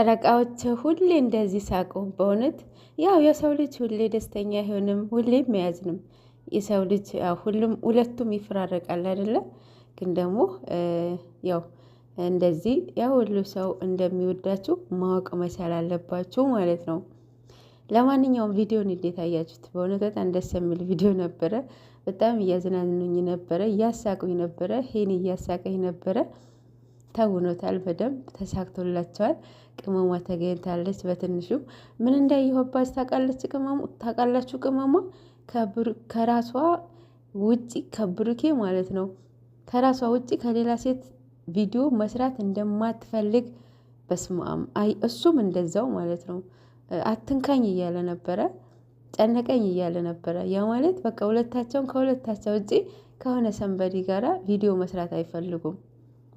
ጨረቃዎች ሁሌ እንደዚህ ሳቁ። በእውነት ያው የሰው ልጅ ሁሌ ደስተኛ አይሆንም፣ ሁሌ ያዝንም። የሰው ልጅ ሁሉም ሁለቱም ይፈራረቃል አይደለ? ግን ደግሞ ያው እንደዚህ ያው ሁሉ ሰው እንደሚወዳችሁ ማወቅ መቻል አለባችሁ ማለት ነው። ለማንኛውም ቪዲዮን እንዴት አያችሁት? በእውነት በጣም ደስ የሚል ቪዲዮ ነበረ። በጣም እያዝናኑኝ ነበረ፣ እያሳቁኝ ነበረ፣ ሄን እያሳቀኝ ነበረ። ተውኖታል። በደንብ ተሳክቶላቸዋል። ቅመሟ ተገኝታለች። በትንሹ ምን እንዳየሁባት ታውቃለች። ቅመሙ ታውቃላችሁ። ቅመሟ ከራሷ ውጪ ከብሩኬ ማለት ነው ከራሷ ውጪ ከሌላ ሴት ቪዲዮ መስራት እንደማትፈልግ በስማም አይ እሱም እንደዛው ማለት ነው። አትንካኝ እያለ ነበረ፣ ጨነቀኝ እያለ ነበረ። ያ ማለት በቃ ሁለታቸውን ከሁለታቸው ውጪ ከሆነ ሰንበዲ ጋራ ቪዲዮ መስራት አይፈልጉም።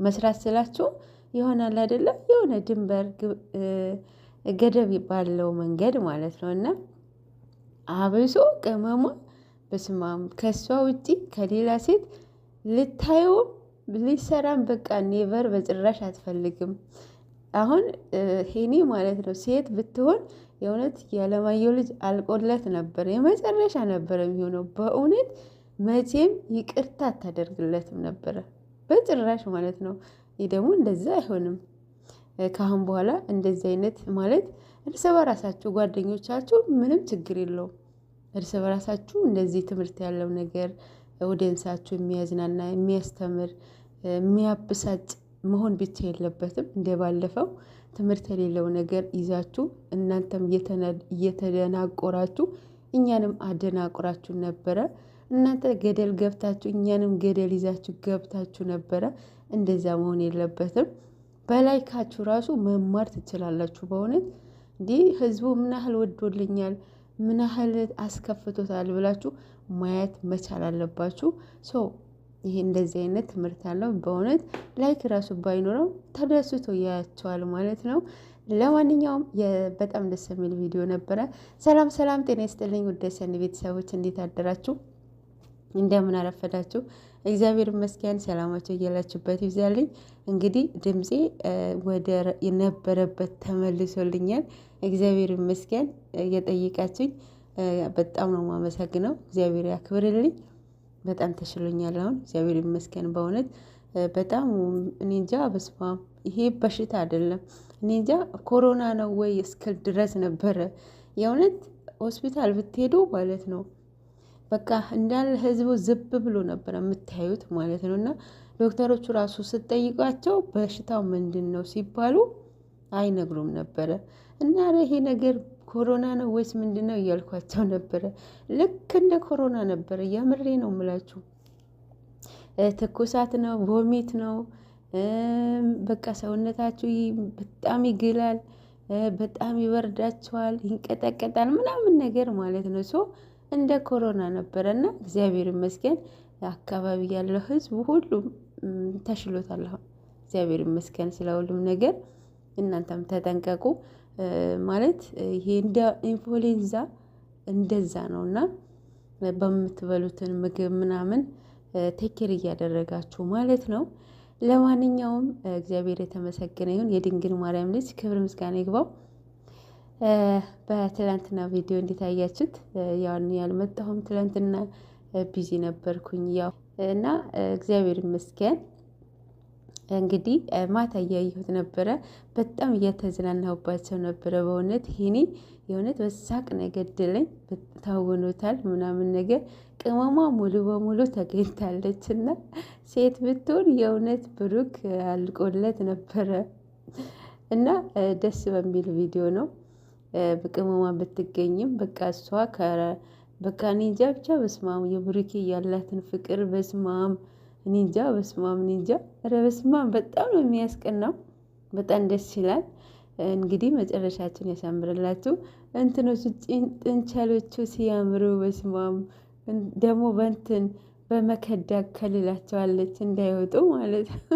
መስራት ስላችሁ ይሆናል አይደለም የሆነ ድንበር ገደብ ባለው መንገድ ማለት ነው። እና አብሶ ቅመሟ በስማም ከእሷ ውጪ ከሌላ ሴት ልታየውም ሊሰራም በቃ ኔቨር በጭራሽ አትፈልግም። አሁን ሄኒ ማለት ነው ሴት ብትሆን የእውነት የአለማየሁ ልጅ አልቆለት ነበር። የመጨረሻ ነበረ የሚሆነው። በእውነት መቼም ይቅርታ አታደርግለትም ነበረ። በጭራሽ ማለት ነው። ይህ ደግሞ እንደዛ አይሆንም። ከአሁን በኋላ እንደዚህ አይነት ማለት እርስ በራሳችሁ ጓደኞቻችሁ ምንም ችግር የለውም። እርስ በራሳችሁ እንደዚህ ትምህርት ያለው ነገር ወደ እንሳችሁ የሚያዝናና የሚያስተምር የሚያብሳጭ መሆን ብቻ የለበትም። እንደ ባለፈው ትምህርት የሌለው ነገር ይዛችሁ እናንተም እየተደናቆራችሁ እኛንም አደናቆራችሁ ነበረ። እናንተ ገደል ገብታችሁ እኛንም ገደል ይዛችሁ ገብታችሁ ነበረ። እንደዛ መሆን የለበትም። በላይካችሁ ራሱ መማር ትችላላችሁ። በእውነት እንዲህ ህዝቡ ምን ያህል ወዶልኛል፣ ምን ያህል አስከፍቶታል ብላችሁ ማየት መቻል አለባችሁ። ሶ ይሄ እንደዚህ አይነት ትምህርት አለው። በእውነት ላይክ ራሱ ባይኖረው ተደስቶ ያያቸዋል ማለት ነው። ለማንኛውም በጣም ደስ የሚል ቪዲዮ ነበረ። ሰላም ሰላም፣ ጤና ይስጥልኝ ውድ የሰኒ ቤተሰቦች እንዴት አደራችሁ? እንደምን አረፈዳችሁ። እግዚአብሔር ይመስገን። ሰላማችሁ እያላችሁበት ይብዛልኝ። እንግዲህ ድምፄ ወደ የነበረበት ተመልሶልኛል። እግዚአብሔር ይመስገን። እየጠየቃችሁኝ በጣም ነው የማመሰግነው። እግዚአብሔር ያክብርልኝ። በጣም ተሽሎኛል አሁን እግዚአብሔር ይመስገን። በእውነት በጣም እኔ እንጃ በስመ አብ ይሄ በሽታ አይደለም እኔ እንጃ ኮሮና ነው ወይ እስክል ድረስ ነበረ የእውነት ሆስፒታል ብትሄዱ ማለት ነው በቃ እንዳለ ህዝቡ ዝብ ብሎ ነበር የምታዩት ማለት ነው። እና ዶክተሮቹ ራሱ ስጠይቋቸው በሽታው ምንድን ነው ሲባሉ አይነግሩም ነበረ። እና ይሄ ነገር ኮሮና ነው ወይስ ምንድን ነው እያልኳቸው ነበረ። ልክ እንደ ኮሮና ነበረ። የምሬ ነው የምላችሁ። ትኩሳት ነው፣ ቮሚት ነው። በቃ ሰውነታችሁ በጣም ይግላል፣ በጣም ይበርዳችኋል፣ ይንቀጠቀጣል ምናምን ነገር ማለት ነው። እንደ ኮሮና ነበረና እግዚአብሔር ይመስገን አካባቢ ያለው ህዝብ ሁሉም ተሽሎታል። አሁን እግዚአብሔር ይመስገን ስለ ሁሉም ነገር። እናንተም ተጠንቀቁ ማለት ይሄ እንደ ኢንፍሉዌንዛ እንደዛ ነው እና በምትበሉትን ምግብ ምናምን ቴክር እያደረጋችሁ ማለት ነው። ለማንኛውም እግዚአብሔር የተመሰገነ ይሁን። የድንግል ማርያም ልጅ ክብር ምስጋና ይግባው። በትላንትና ቪዲዮ እንዲታያችሁት ያን ያልመጣሁም ትላንትና ቢዚ ነበርኩኝ። ያው እና እግዚአብሔር ይመስገን እንግዲህ ማታ እያየሁት ነበረ። በጣም እየተዝናናሁባቸው ነበረ። በእውነት ይሄኔ የእውነት በሳቅ ነው የገደለኝ። ታውኖታል ምናምን ነገር ቅመሟ ሙሉ በሙሉ ተገኝታለች እና ሴት ብትሆን የእውነት ብሩክ አልቆለት ነበረ እና ደስ በሚል ቪዲዮ ነው። በቅመማ ብትገኝም በቃ እሷ በቃ ኒንጃ ብቻ በስማም የብሩኬ ያላትን ፍቅር በስማም ኒንጃ በስማም ኒንጃ ረ በስማም በጣም ነው የሚያስቀናው። በጣም ደስ ይላል። እንግዲህ መጨረሻችን ያሳምርላችሁ። እንትኖቹ ጥንቸሎቹ ሲያምሩ በስማም ደግሞ በንትን በመከዳ ከልላቸዋለች እንዳይወጡ ማለት ነው።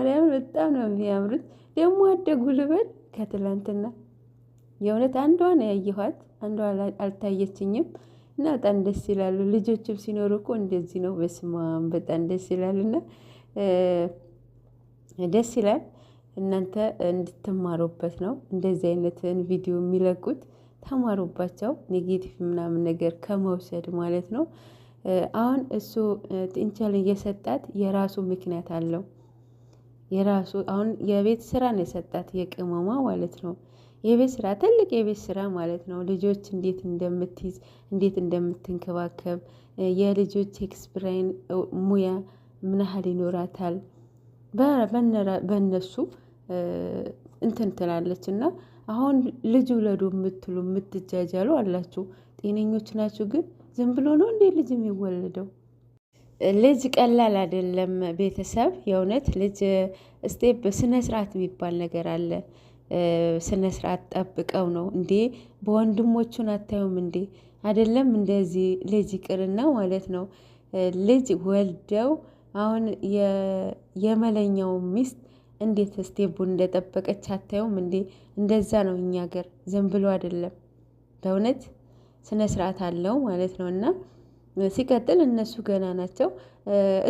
በጣም ነው የሚያምሩት ደግሞ አደጉ ልበል ከትላንትና የእውነት አንዷን ያየኋት አንዷ አልታየችኝም። እና በጣም ደስ ይላሉ። ልጆችም ሲኖሩ እኮ እንደዚህ ነው። በስማም በጣም ደስ ይላል እና ደስ ይላል። እናንተ እንድትማሩበት ነው እንደዚህ አይነትን ቪዲዮ የሚለቁት። ተማሩባቸው፣ ኔጌቲቭ ምናምን ነገር ከመውሰድ ማለት ነው። አሁን እሱ ጥንቸል እየሰጣት የራሱ ምክንያት አለው። የራሱ አሁን የቤት ስራ ነው የሰጣት የቅመሟ ማለት ነው። የቤት ስራ ትልቅ የቤት ስራ ማለት ነው። ልጆች እንዴት እንደምትይዝ እንዴት እንደምትንከባከብ የልጆች ኤክስፕሬን ሙያ ምን ያህል ይኖራታል በእነሱ እንትን ትላለች። እና አሁን ልጅ ውለዱ የምትሉ የምትጃጃሉ አላችሁ። ጤነኞች ናችሁ? ግን ዝም ብሎ ነው እንዴ ልጅ የሚወለደው? ልጅ ቀላል አይደለም። ቤተሰብ የእውነት ልጅ ስቴፕ ስነ ስርዓት የሚባል ነገር አለ። ስነ ስርዓት ጠብቀው ነው እንዴ? በወንድሞቹን አታዩም እንዴ? አይደለም እንደዚህ ልጅ ይቅርና ማለት ነው ልጅ ወልደው አሁን የመለኛው ሚስት እንዴት ስቴቡን እንደጠበቀች አታዩም እንዴ? እንደዛ ነው እኛ ገር ዝም ብሎ አይደለም። በእውነት ስነ ስርዓት አለው ማለት ነው እና ሲቀጥል እነሱ ገና ናቸው።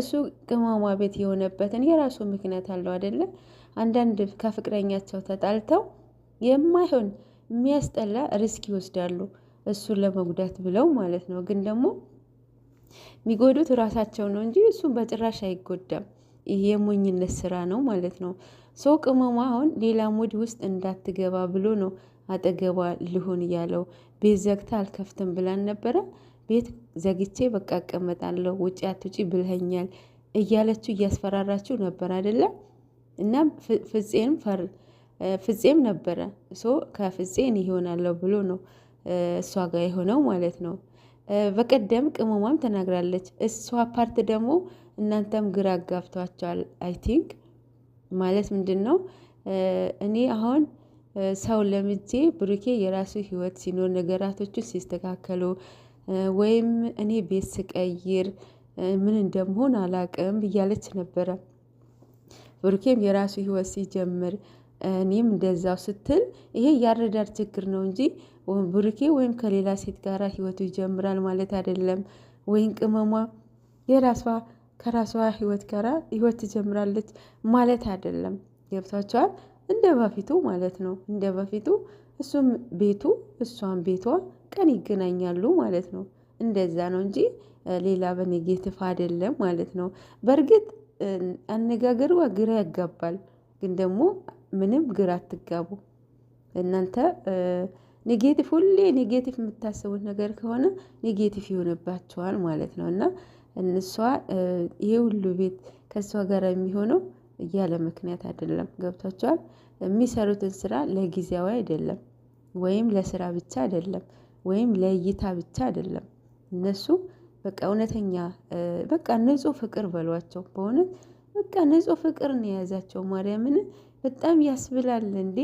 እሱ ቅመማ ቤት የሆነበትን የራሱ ምክንያት አለው አይደለ? አንዳንድ ከፍቅረኛቸው ተጣልተው የማይሆን የሚያስጠላ ሪስክ ይወስዳሉ፣ እሱን ለመጉዳት ብለው ማለት ነው። ግን ደግሞ የሚጎዱት ራሳቸው ነው እንጂ እሱን በጭራሽ አይጎዳም። ይህ የሞኝነት ስራ ነው ማለት ነው። ሰው ቅመሟ አሁን ሌላ ሙድ ውስጥ እንዳትገባ ብሎ ነው አጠገቧ ልሆን እያለው ቤት ዘግታ አልከፍትም ብላን ነበረ ቤት ዘግቼ በቃ እቀመጣለሁ፣ ውጭ አትውጪ ብልኸኛል እያለችው እያስፈራራችው ነበር አይደለም። እና ፍፄም ፍፄም ነበረ ሶ ከፍፄ ይሆናለሁ ብሎ ነው እሷ ጋር የሆነው ማለት ነው። በቀደም ቅመሟም ተናግራለች። እሷ ፓርት ደግሞ እናንተም ግራ አጋብቷቸዋል። አይ ቲንክ ማለት ምንድን ነው እኔ አሁን ሰው ለምጄ ብሩኬ የራሱ ህይወት ሲኖር ነገራቶቹ ሲስተካከሉ ወይም እኔ ቤት ስቀይር ምን እንደምሆን አላቅም እያለች ነበረ። ብሩኬም የራሱ ህይወት ሲጀምር እኔም እንደዛው ስትል ይሄ ያረዳድ ችግር ነው እንጂ ብሩኬ ወይም ከሌላ ሴት ጋር ህይወቱ ይጀምራል ማለት አይደለም። ወይም ቅመሟ የራሷ ከራሷ ህይወት ጋር ህይወት ትጀምራለች ማለት አይደለም። ገብቷቸዋል። እንደ በፊቱ ማለት ነው። እንደ በፊቱ እሱም ቤቱ እሷም ቤቷ ቀን ይገናኛሉ ማለት ነው። እንደዛ ነው እንጂ ሌላ በኔጌቲቭ አይደለም ማለት ነው። በእርግጥ አነጋገሩ ግራ ያጋባል። ግን ደግሞ ምንም ግራ አትጋቡ። እናንተ ኔጌቲቭ ሁሌ ኔጌቲቭ የምታስቡት ነገር ከሆነ ኔጌቲቭ ይሆንባቸዋል ማለት ነው። እና እንሷ ይሄ ሁሉ ቤት ከእሷ ጋር የሚሆነው እያለ ምክንያት አይደለም። ገብቷቸዋል። የሚሰሩትን ስራ ለጊዜያዊ አይደለም ወይም ለስራ ብቻ አይደለም ወይም ለእይታ ብቻ አይደለም። እነሱ በቃ እውነተኛ በቃ ንጹህ ፍቅር በሏቸው በእውነት በቃ ንጹህ ፍቅር ነው የያዛቸው ማርያምን በጣም ያስብላል እንዴ!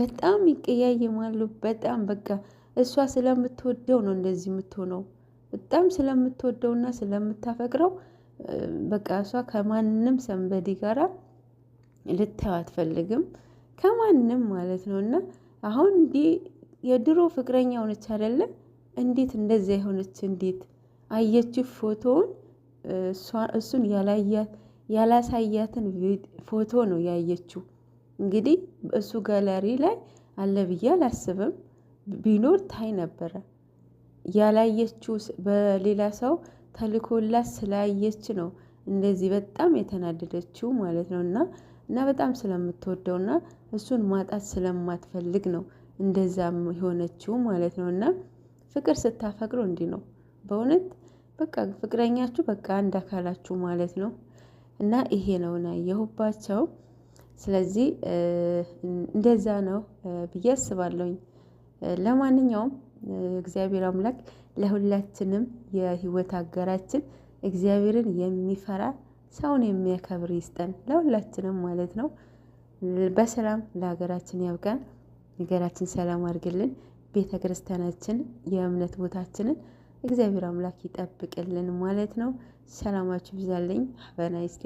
በጣም ይቀያየማሉ። በጣም በቃ እሷ ስለምትወደው ነው እንደዚህ የምትሆነው። በጣም ስለምትወደውና ስለምታፈቅረው በቃ እሷ ከማንም ሰንበዲ ጋር ልታየው አትፈልግም ከማንም ማለት ነው እና አሁን እንዲህ የድሮ ፍቅረኛ ሆነች አይደለ? እንዴት እንደዚያ የሆነች እንዴት አየች ፎቶውን እሱን ያላሳያትን ፎቶ ነው ያየችው። እንግዲህ እሱ ጋላሪ ላይ አለ ብዬ አላስብም። ቢኖር ታይ ነበረ። ያላየችው በሌላ ሰው ተልኮላት ስላየች ነው እንደዚህ በጣም የተናደደችው ማለት ነው። እና እና በጣም ስለምትወደውና እሱን ማጣት ስለማትፈልግ ነው እንደዛም የሆነችው ማለት ነው። እና ፍቅር ስታፈቅሩ እንዲ ነው በእውነት በቃ ፍቅረኛችሁ በቃ አንድ አካላችሁ ማለት ነው። እና ይሄ ና የሁባቸው ስለዚህ እንደዛ ነው ብዬ አስባለሁኝ። ለማንኛውም እግዚአብሔር አምላክ ለሁላችንም የህይወት አገራችን እግዚአብሔርን የሚፈራ ሰውን የሚያከብር ይስጠን፣ ለሁላችንም ማለት ነው። በሰላም ለሀገራችን ያብቃን። ነገራችን ሰላም አድርግልን። ቤተ ክርስቲያናችን የእምነት ቦታችንን እግዚአብሔር አምላክ ይጠብቅልን ማለት ነው። ሰላማችሁ ብዛለኝ። ሀበናይስቴ